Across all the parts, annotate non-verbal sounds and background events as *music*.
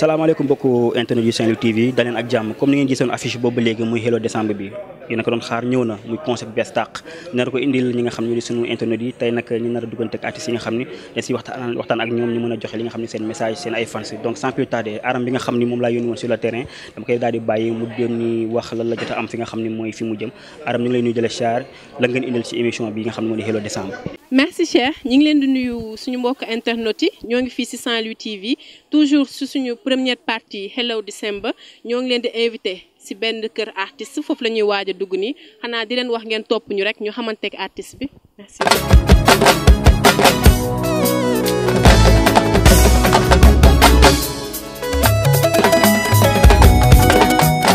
salaamaaleykum beaucoup internet yu Saint-Louis TV daleen ak jàmm comme ni ngeen gissone affiche bobu legui muy Hello décembre bi yéena ko doon xaar ñewna muy concept bees tàq ko indil ñi nga xam ne di internet yi tay nak ñu nara a ak artiste yi nga xam ne dañ waxtaan waxtaan ak ñoom ñu mëna joxe li nga xamni seen message seen ay fans donc sans plus tarder aram bi nga xamni mom la laa woon sur le terrain dama kay daldi baye mu dem ni wax la la jot am fi nga xamni moy fi mu jëm aram ñu ngi lay nuyu jële char la ngeen indil ci émission bi nga xamni ne Hello décembre merci cher ñi ngi leen di nuyu suñu mbokk internet yi ñoo ngi fi ci Saint-Louis TV toujours su suñu première partie Hello December ñoo ngi leen di invité ci benn kër artiste foofu la ñuy waaj a dugg nii xanaa di leen wax ngeen topp ñu rek ñu xamanteeg artiste bi merci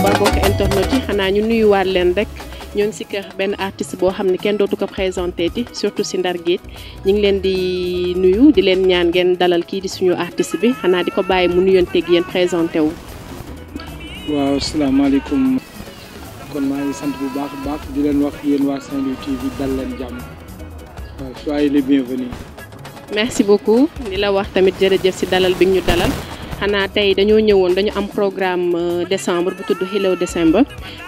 ba bokk internet yi xanaa ñu nuyuwaat leen rek ñoo ngi si kër benn artiste boo xam ne kenn dootu ko présenté di surtout si ndar géej ñu ngi leen di nuyu di leen ñaan ngeen dalal kii di suñu artiste bi xanaa di ko bàyyi mu nuyonteeg yéen présenté wu waaw salaamaaleykum kon maa ngi sant bu baax baax di leen wax yéen waa Saint Louis TV dal leen jàmm waaw soyez les bienvenus merci beaucoup di la wax tamit jërëjëf si dalal bi ñu dalal xanaa tey dañoo ñëwoon dañu am programme euh, décembre bu tudd Hello December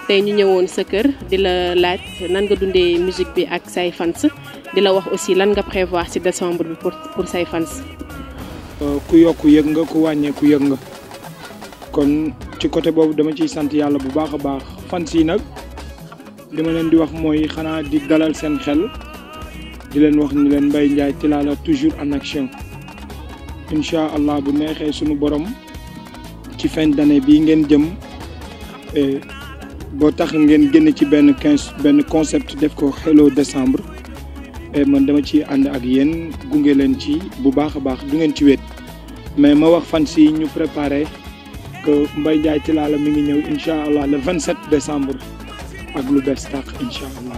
tey ñu ñëwoon sa kër di la laaj nan nga dundee musique bi ak say fans di la wax aussi lan nga prévoir si décembre bi pour pour say fans. Euh, ku yokk yëg nga ku wàññeeku yëg nga kon ci côté boobu dama ciy sant yàlla bu baax a baax fans yi nag li ma leen di wax mooy xanaa di dalal seen xel di leen wax ni leen Mbaye Ndiaye Tilala toujours en action. insha allah bu nexé suñu borom ci fin d'année bi ngeen jëm euh bo tax ngeen genn ci ben 15 ben concept def ko hello décembre e, man dama ci and ak yeen gungé len ci bu baax baax du ngeen ci wét mais ma wax fan si ñu préparer que mbay jaay ci Tilala mi ngi ñew insha allah le 27 décembre ak lu bees tax insha allah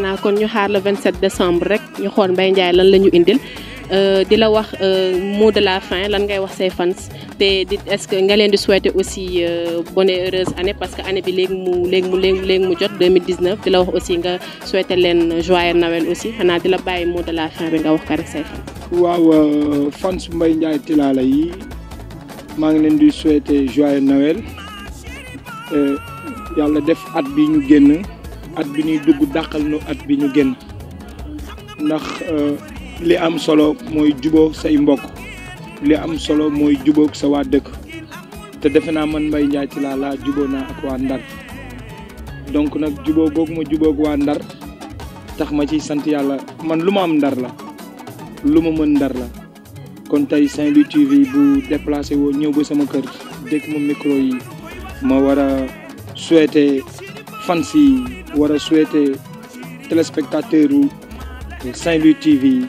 rabbi kon ñu xaar le 27 décembre rek ñu xool mbay jaay lan lañu indil Euh, di la wax euh, mot de la fin lan ngay wax say fans te di est-ce que nga leen di souhaiter aussi euh, bonne et heureuse année parce que année bi léegi mu léegi mu léegi mu jot 2019 di la wax aussi nga souhaiter leen joyeux Noël aussi xanaa di la bàyyi mot de la fin bi nga wax ko rek say fans. waaw fans Mbaye Ndiaye Tilala yi maa ngi leen di souhaiter joyeux Noël yàlla def at bi ñu génn at bi ñuy dugg dàqal nu at bi ñu génn ndax. li am solo mooy jubo say mbokk li am solo moy jubo sa wa dekk te defena man jubo na ci la la jubo na ak wa Ndar donc nak juboo gog mo juboog wa Ndar tax ma ci sante yalla man lu am Ndar la luma mën Ndar la kon tay Saint-Louis TV bu déplacer wo ñew ba sama kër dekk mo micro yi ma wara souhaiter fans yi souhaiter téléspectateurs Saint-Louis TV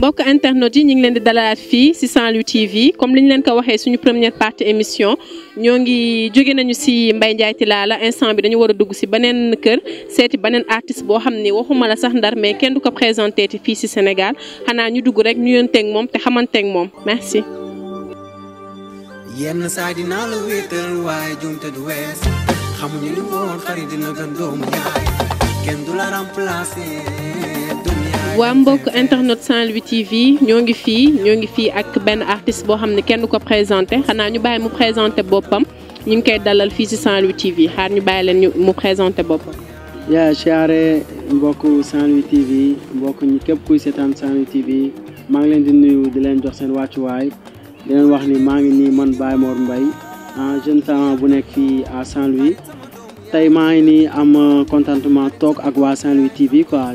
mbokk internet yi ñi ngi leen di dalalaat fii ci Saint Louis TV comme li ñu leen ko waxee suñu première partie émission ñoo ngi jóge nañu ci Mbaye Ndiaye Tilala instant bi dañu war a dugg ci beneen kër seeti beneen artiste boo xam ne waxuma la sax ndar mais kenn du ko présenté ti fii ci Sénégal xanaa ñu dugg rek ñu yonteeg moom te xamanteeg moom merci. yenn saa dinaa la wéetal waaye jumte du wees xamuñu li woon xarit dina gën doomu yaay kenn du la remplacer. waa mbokk internet Saint Louis TV ñoo ngi fii ñoo ngi fii ak benn artiste boo xam ne kenn ko présenté xanaa ñu bàyyi mu présenté boppam ñu ngi koy dalal fii ci Saint Louis TV xaar ñu bàyyi leen mu présenté boppam. yaa siyaare mbokk Saint Louis TV mbokk ñi képp kuy seetaan Saint Louis TV maa ngi leen di nuyu di leen jox seen wàccuwaay di leen wax ni maa ngi nii man Baye Mor Mbaye ah jeune talent bu nekk fii à Saint Louis tey maa ngi nii am contentement toog ak waa Saint Louis TV quoi.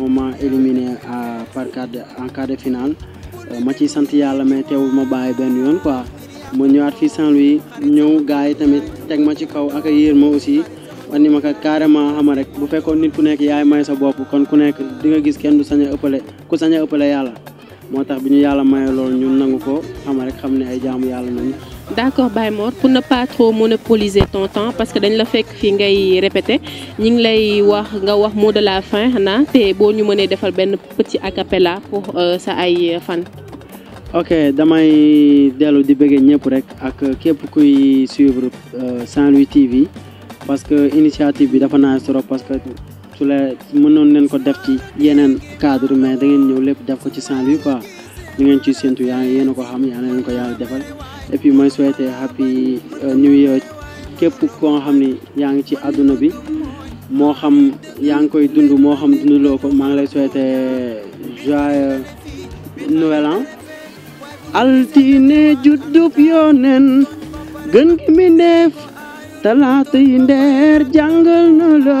on m'a éliminé à euh, par quart de en quart euh, ma ci sant yàlla mais teewul ma bàyyi benn yoon quoi ma ñëwaat fii Saint-Louis ñëw gars yi tamit teg ma ci kaw ak yéer ma aussi wan ni ma ko carrément xama rek bu fekkoon nit ku nekk yaay may sa bopp kon ku nekk di nga gis kenn du sañ a ëppale ku sañ a ëppale yàlla moo tax bi ñu yàlla maye loolu ñu nangu ko xama rek xam ne ay jaamu yàlla nañu d'accord Baye Mor pour ne pas trop monopoliser ton temps parce que dañ la fekk fii ngay répéter ñi ngi lay wax nga wax mot de la fin na, te bo ñu mëne defal ben petit acapella pour euh, sa ay fan. ok damay dellu di bëggee ñëpp rek ak képp kuy suivre euh, Saint-Louis TV parce que initiative bi dafa na trop parce que su la mënoon nañ ko def ci yenen cadre mais da ngeen ñëw lepp def ko ci Saint-Louis quoi li ngeen ci sentu ya yéen a ko xam ya nañ ko yàlla defal. et puis mooy souhaité euh, happy euh, new year képp koo xam ni yaa ngi ci àdduna bi moo xam yaa ngi koy dund moo xam dunduloo ko maa ngi lay souhaité euh, joyeux nouvel altine juddub yoneen gën gi talaata yi ndeer jàngal na la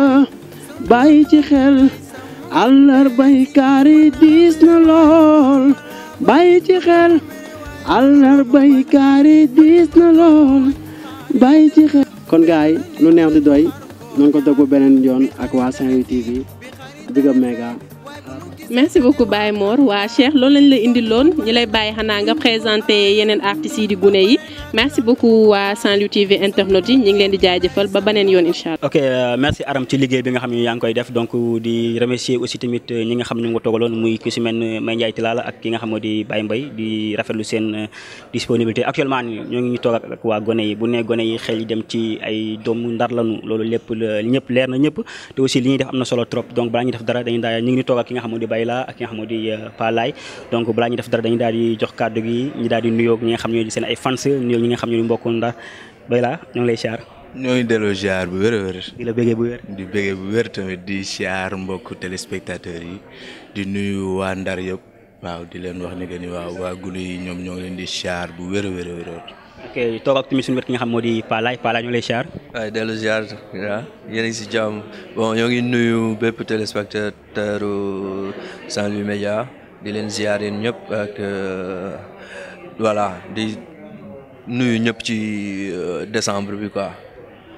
bàyyi ci xel àllar baykaari diis na lool bàyyi ci xel àllar bay kaari diis na lool bay ci xel. kon gaay lu neex di doy noonu ko dog bu beneen yoon ak waa Saint-Louis TV Big up méga merci beaucoup Baye Mor wa Cheikh loolu lañ lay indi loon ñi lay baye xana nga présenter yenen artistes yi di gune yi merci beaucoup wa Saint Louis TV internet yi ñi ngi leen di jaajeufal ba beneen yoon inshallah ok euh, merci Aram ci liguey bi nga xamni yang koy def donc di remercier aussi tamit euh, ñi nga xamni ne nga togaloon muy ki ci mel May Ndiaye Tilala ak ki nga xam ne di Baye mbay di rafetlu sen euh, disponibilité actuellement ñoo ngi tok ak wa gone yi bu ne gone yi xel yi dem ci ay dom ndar lañu loolu lepp ñëpp leer na ñëpp te aussi li ñi def amna solo trop donc ba nga def dara dañuy daaya ñi ngi tok ak ki nga xam ne di Baye Layla ak ki nga xam ne di euh, Pa donc balaa ñu def dara dañu daal di jox kàddu gi ñu daal di nuyoog ñi nga xam ñoo di seen ay fanse nuyoog ñi nga xam ñoo di mbokku ndax Layla ñu ngi lay siyaar. ñoo ngi delloo siyaar bu wér a wér. di la bégee bu wér. di bégee bu wér tamit di siyaar mbokku téléspectateurs yi di nuyu waa Ndar yëpp waaw di leen wax ne que ni waaw waa gulu yi ñoom ñoo ngi leen di siyaar bu wér a wér a wér. Mbacke eh, toog ak tamit suñu wet ki nga xam moo di Palaay Palaay ñu lay ziar. waaye ziar yéen a si jàmm bon ñoo ngi nuyu bépp téléspectateur Sans Louis Média di leen ziar yéen ñëpp ak eh, voilà di nuyu ñëpp ci eh, décembre bi quoi.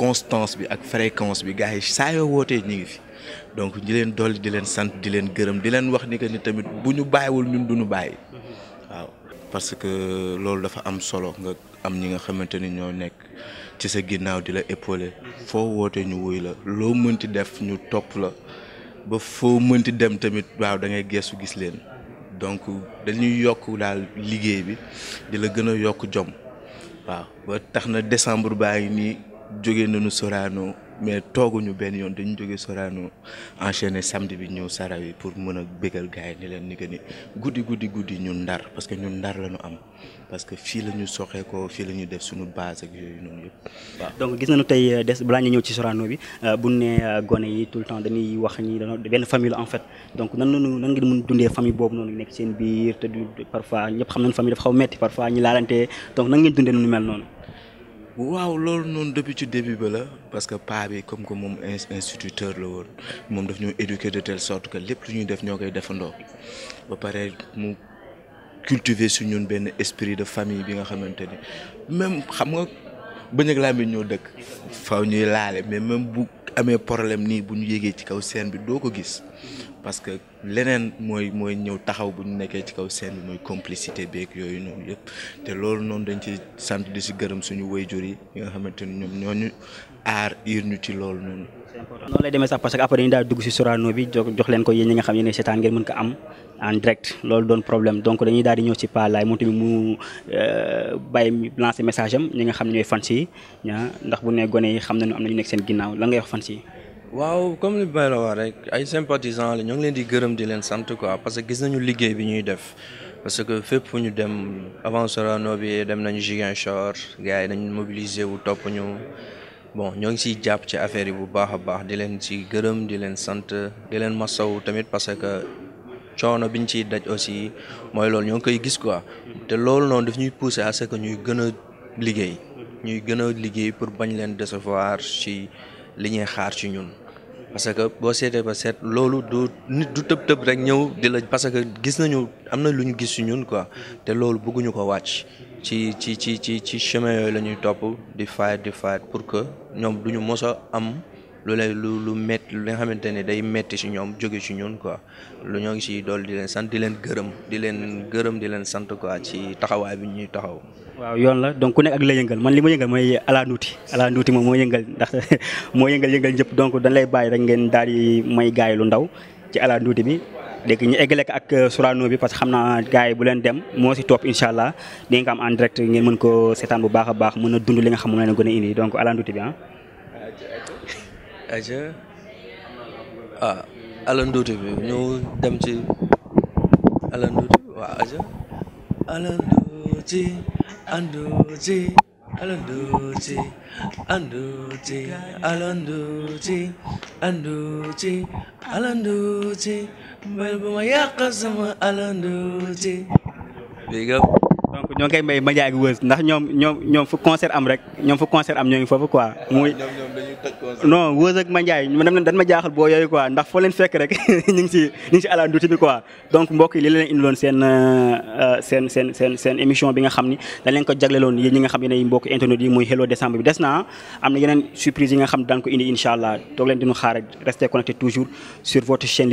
constance bi ak fréquence bi gars yi donc ñi leen dolli di sant di leen gërëm di wax ni que ni tamit buñu bayiwul ñun nous parce que loolu dafa am solo nga am ñi nga ñoo nekk ci sa ginnaw di la épauler ñu wuy la lo mënti def ñu top la ba fo mënti dem tamit waaw da ngay gessu gis leen donc dañuy dal liggéey bi la jom waaw ba décembre jogé nañu Sorano mais tooguñu ben yoon dañu jogé Sorano enchaîné samedi bi ñëw Sarawi pour mëna bégal gaay ni leen ni que goudi goudi goudi guddi ñun ndar parce que ñun ndar lañu am parce que fi lañu soxé ko fi lañu def suñu base ak yoy ñun yëpp donc gis nañu tay euh, des balaa ñu ci Sorano bi euh, bu né euh, goné yi tout temps dañuy wax ni ben famille en fait donc nan lañu nan ngeen mën dundé famille bobu nonu nek seen biir te du parfois ñëpp xam nañ famille dafa xaw metti parfois ñi laalante donc nan ngeen dundé nu mel noonu waaw loolu noonu depuis ci début ba la parce que paa bi comme que moom instituteur la woon moom daf ñu éduquer de telle sorte que lépp lu ñuy def ñoo koy defandoo ba pare mu cultiver su ñun benn esprit de famille bi nga xamante ni même xam nga bëñ ak làmmiñ ñoo dëkk. faaw ñuy laale mais même bu. amee problème nii bu ñu yéegee ci kaw scène bi doo ko gis parce que leneen mooy mooy ñëw taxaw bu ñu nekkee ci kaw scène bi mooy complicité beeg yooyu noonu yëpp te loolu noonu dañ ci sant di si gërëm suñu jur yi nga xamante ni ñoom ñoo ñu aar iir ñu ci loolu noonu. noonu lay demee sax parce après dañu daal dugg si Sorano bi jox leen ko yéen ñi nga xam ne seetaan ngeen mën ko am. en direct loolu doon problème donc dañuy daal di ñëw si Pa Laye moom tamit mu euh, bàyyi lancé message am ñi nga xam ne ñooy fans yi ndax bu ne gone yi xam nañu am na ñu nekk seen ginnaaw lan ngay wax fans yi. waaw comme li may rek ay sympathisants la ñoo ngi leen di gërëm di leen sant quoi parce que gis nañu liggéey bi ñuy def. parce que fépp fu ñu dem avant Sorano bi dem nañu Ziguinchor gars yi dañu mobiliser wu topp ñu bon ñoo ngi siy jàpp ci affaire yi bu baax a baax di leen si gërëm di leen sant di leen masawu tamit parce que coono ñu ciy daj aussi mooy loolu ñoo ngi koy gis quoi te loolu noonu daf ñuy pousser à ce que ñuy gën a liggéey ñuy gën a liggéey pour bañ leen désevoir ci li ñuy xaar ci ñun parce que boo seetee ba seet loolu du nit du tëb tëb rek ñëw di la parce que gis nañu am na lu ñu gis ci ñun quoi te loolu bëgguñu ko wàcc ci ci ci ci ci chemin yooyu la ñuy topp di faay di faay pour que ñoom duñu mos a am. lu lay lu lu métti li xamante ne day métti ci ñoom jóge ci ñun quoi lu ñoo ngi ci dool di leen sant di leen gërëm di leen gërëm di leen sant quoi ci taxawaay bi ñuy taxaw. waaw yoon la donc ku nekk ak la yëngal man li ma yëngal mooy ala nuuti ala nuuti moom moo yëngal ndax *laughs* moo yëngal yëngal ñëpp donc bàyyi rek ngeen daal di may gaay lu ndaw ci ala nuuti bi. léegi ñu eggale ko ak euh, suraano bi parce que xam naa gars bu leen dem moo si topp incha allah di nga ko am en direct ngeen mën ko seetaan bu baax a baax mën na dund li nga xam moom la ñu gën a indi donc ala nduti aja ah bi ñu dem ci Alan Nduuti waaw aja Alan Nduuti Anduuti Alan bu ma yàq sama Alan Nduuti big donc ñoo ngi koy may Madiaye ak Wëz ndax ñoom ñoom ñoom concert am rek ñoom fu concert am ñoo ngi foofu quoi. muy ah, non Wëz ak Madiaye man dañ ma jaaxal boo yooyu quoi ndax foo leen fekk rek *laughs* ñu ngi si ñu ngi si ala nduti bi quoi. donc mbokk yi li leen indiloon euh, seen seen seen seen émission bi nga xam ni dañ leen ko jagleloon yéen ñi nga xam ne ay mbokk internet yi muy hello décembre bi des na am na yeneen surprise yi nga xam daan ko indi incha allah toog leen di ñu xaar rek restez connecté toujours sur votre chaîne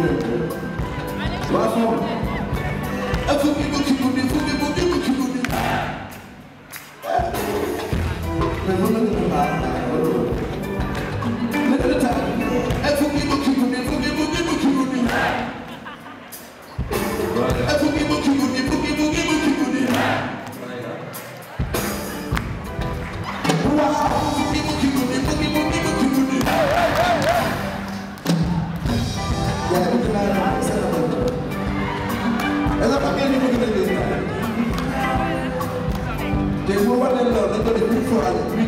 Bitte. Was They were one and all, they were the people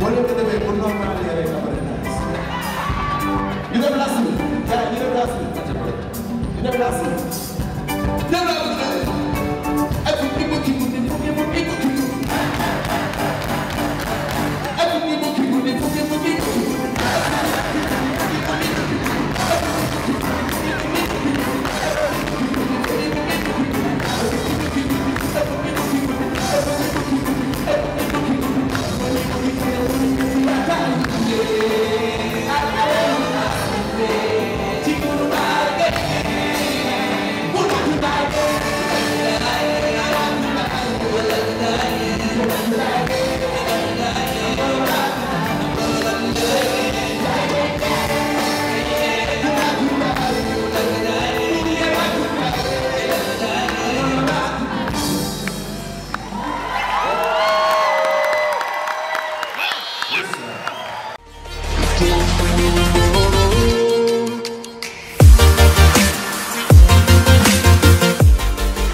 원래 때문에 본방만을 내야될까 버렸 u never last e y a h y e v e r last me. y n e